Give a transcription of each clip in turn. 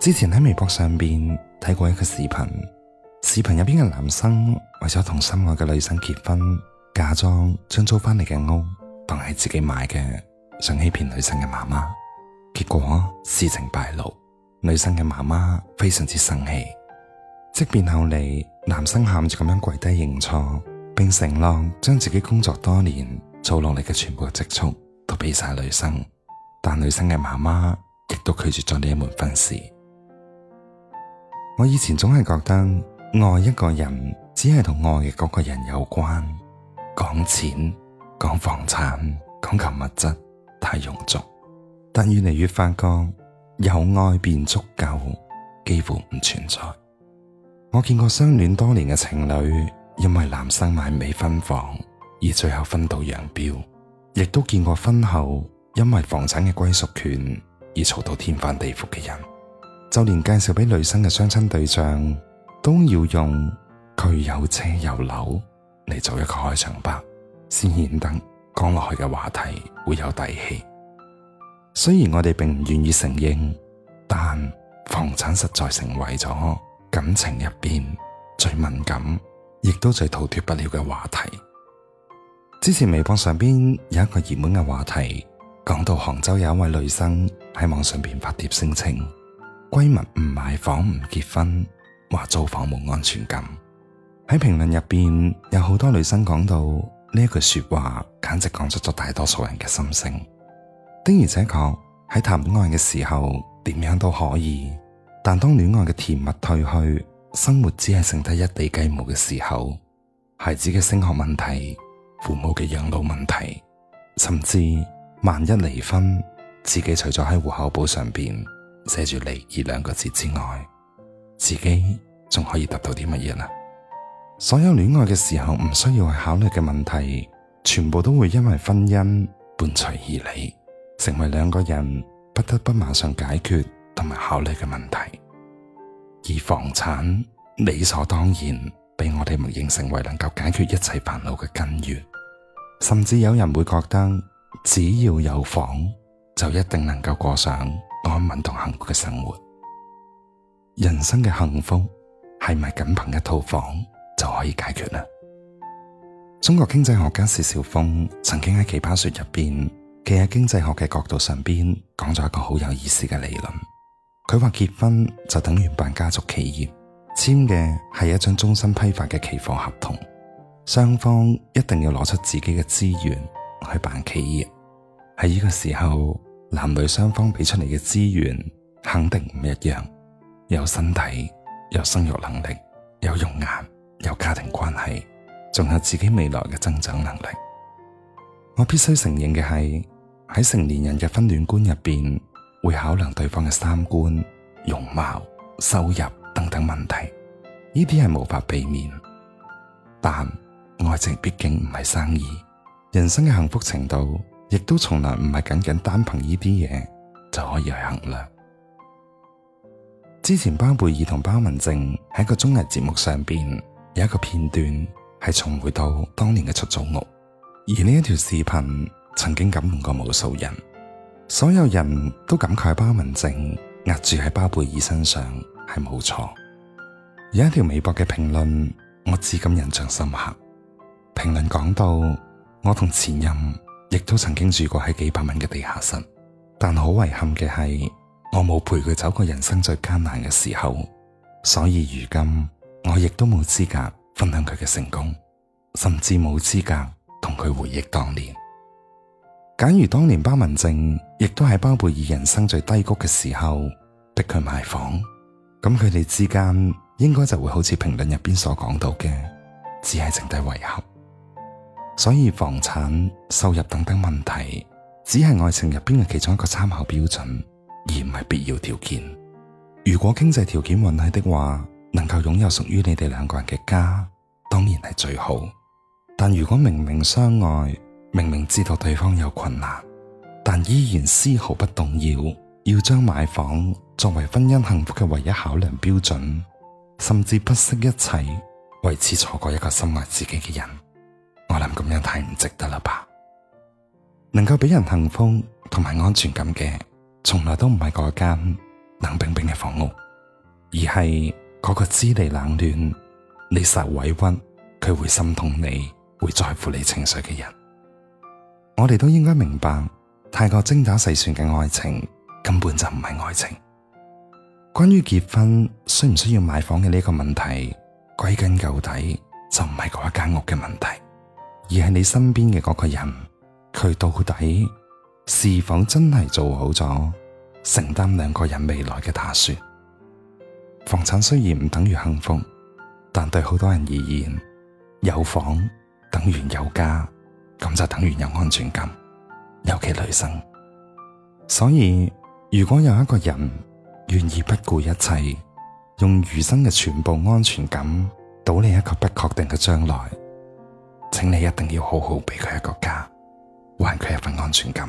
之前喺微博上邊睇過一個視頻，視頻入邊嘅男生為咗同心愛嘅女生結婚，假裝將租翻嚟嘅屋當係自己買嘅，想欺騙女生嘅媽媽。結果事情敗露，女生嘅媽媽非常之生氣。即便後嚟男生喊住咁樣跪低認錯，並承諾將自己工作多年做落嚟嘅全部積蓄都俾晒女生，但女生嘅媽媽亦都拒絕咗呢一門婚事。我以前總係覺得愛一個人只係同愛嘅嗰個人有關，講錢、講房產、講求物質太庸俗。但越嚟越發覺有愛便足夠，幾乎唔存在。我見過相戀多年嘅情侶因為男生買未婚房而最後分道揚鑣，亦都見過婚後因為房產嘅歸屬權而嘈到天翻地覆嘅人。就連介紹俾女生嘅相親對象都要用佢有車有樓嚟做一個開場白，先顯得講落去嘅話題會有底氣。雖然我哋並唔願意承認，但房產實在成為咗感情入邊最敏感，亦都最逃脱不了嘅話題。之前微博上邊有一個熱門嘅話題，講到杭州有一位女生喺網上邊發帖聲稱。閨蜜唔買房唔結婚，話租房冇安全感。喺評論入邊有好多女生講到呢句說話，簡直講出咗大多數人嘅心聲。的而且確喺談戀愛嘅時候，點樣都可以，但當戀愛嘅甜蜜褪去，生活只係剩低一地雞毛嘅時候，孩子嘅升學問題，父母嘅養老問題，甚至萬一離婚，自己除咗喺戶口簿上邊。寫住離異兩個字之外，自己仲可以得到啲乜嘢啦？所有戀愛嘅時候唔需要去考慮嘅問題，全部都會因為婚姻伴隨而嚟，成為兩個人不得不馬上解決同埋考慮嘅問題。而房產理所當然被我哋默認成為能夠解決一切煩惱嘅根源，甚至有人會覺得，只要有房就一定能夠過上。安穩同幸福嘅生活，人生嘅幸福係咪僅憑一套房就可以解決啦？中國經濟學家薛兆豐曾經喺奇葩說入邊，企喺經濟學嘅角度上邊講咗一個好有意思嘅理論。佢話結婚就等於辦家族企業，簽嘅係一張終身批發嘅期貨合同，雙方一定要攞出自己嘅資源去辦企業。喺呢個時候。男女雙方俾出嚟嘅資源肯定唔一樣，有身體，有生育能力，有容顏，有家庭關係，仲有自己未來嘅增長能力。我必須承認嘅係喺成年人嘅婚戀觀入邊，會考量對方嘅三觀、容貌、收入等等問題。呢啲係無法避免，但愛情畢竟唔係生意，人生嘅幸福程度。亦都從來唔係僅僅單憑呢啲嘢，就可以去衡量。之前包貝爾同包文婧喺個綜藝節目上邊有一個片段，係重回到當年嘅出租屋，而呢一條視頻曾經感動過無數人，所有人都感慨包文婧壓住喺包貝爾身上係冇錯。有一條微博嘅評論我至今印象深刻，評論講到，我同前任。亦都曾經住過喺幾百蚊嘅地下室，但好遺憾嘅係，我冇陪佢走過人生最艱難嘅時候，所以如今我亦都冇資格分享佢嘅成功，甚至冇資格同佢回憶當年。假如當年包文靜亦都喺包貝爾人生最低谷嘅時候逼佢買房，咁佢哋之間應該就會好似評論入邊所講到嘅，只係剩低遺憾。所以房產、收入等等問題，只係愛情入邊嘅其中一個參考標準，而唔係必要條件。如果經濟條件允許的話，能夠擁有屬於你哋兩個人嘅家，當然係最好。但如果明明相愛，明明知道對方有困難，但依然絲毫不動搖，要將買房作為婚姻幸福嘅唯一考量標準，甚至不惜一切，為此錯過一個深愛自己嘅人。我諗咁樣太唔值得啦吧？能夠俾人幸福同埋安全感嘅，從來都唔係嗰間冷冰冰嘅房屋，而係嗰個知你冷暖、你受委屈佢會心痛你、會在乎你情緒嘅人。我哋都應該明白，太過精打細算嘅愛情根本就唔係愛情。關於結婚需唔需要買房嘅呢個問題，歸根究底就唔係嗰一間屋嘅問題。而係你身邊嘅嗰個人，佢到底是否真係做好咗承擔兩個人未來嘅打算？房產雖然唔等於幸福，但對好多人而言，有房等於有家，咁就等於有安全感，尤其女生。所以，如果有一個人願意不顧一切，用餘生嘅全部安全感，賭你一個不確定嘅將來。請你一定要好好俾佢一個家，還佢一份安全感。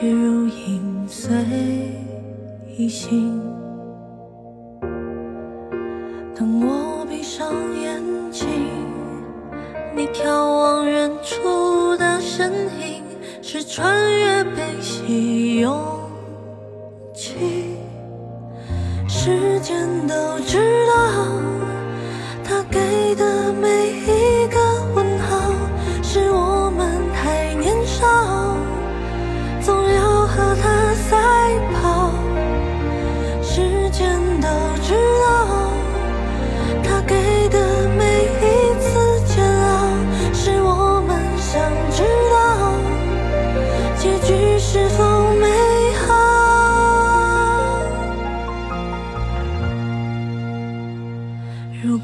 如影隨形，當我閉上眼睛，你眺望遠處的身影，是穿越悲喜勇氣，時間都知道，它給的每一。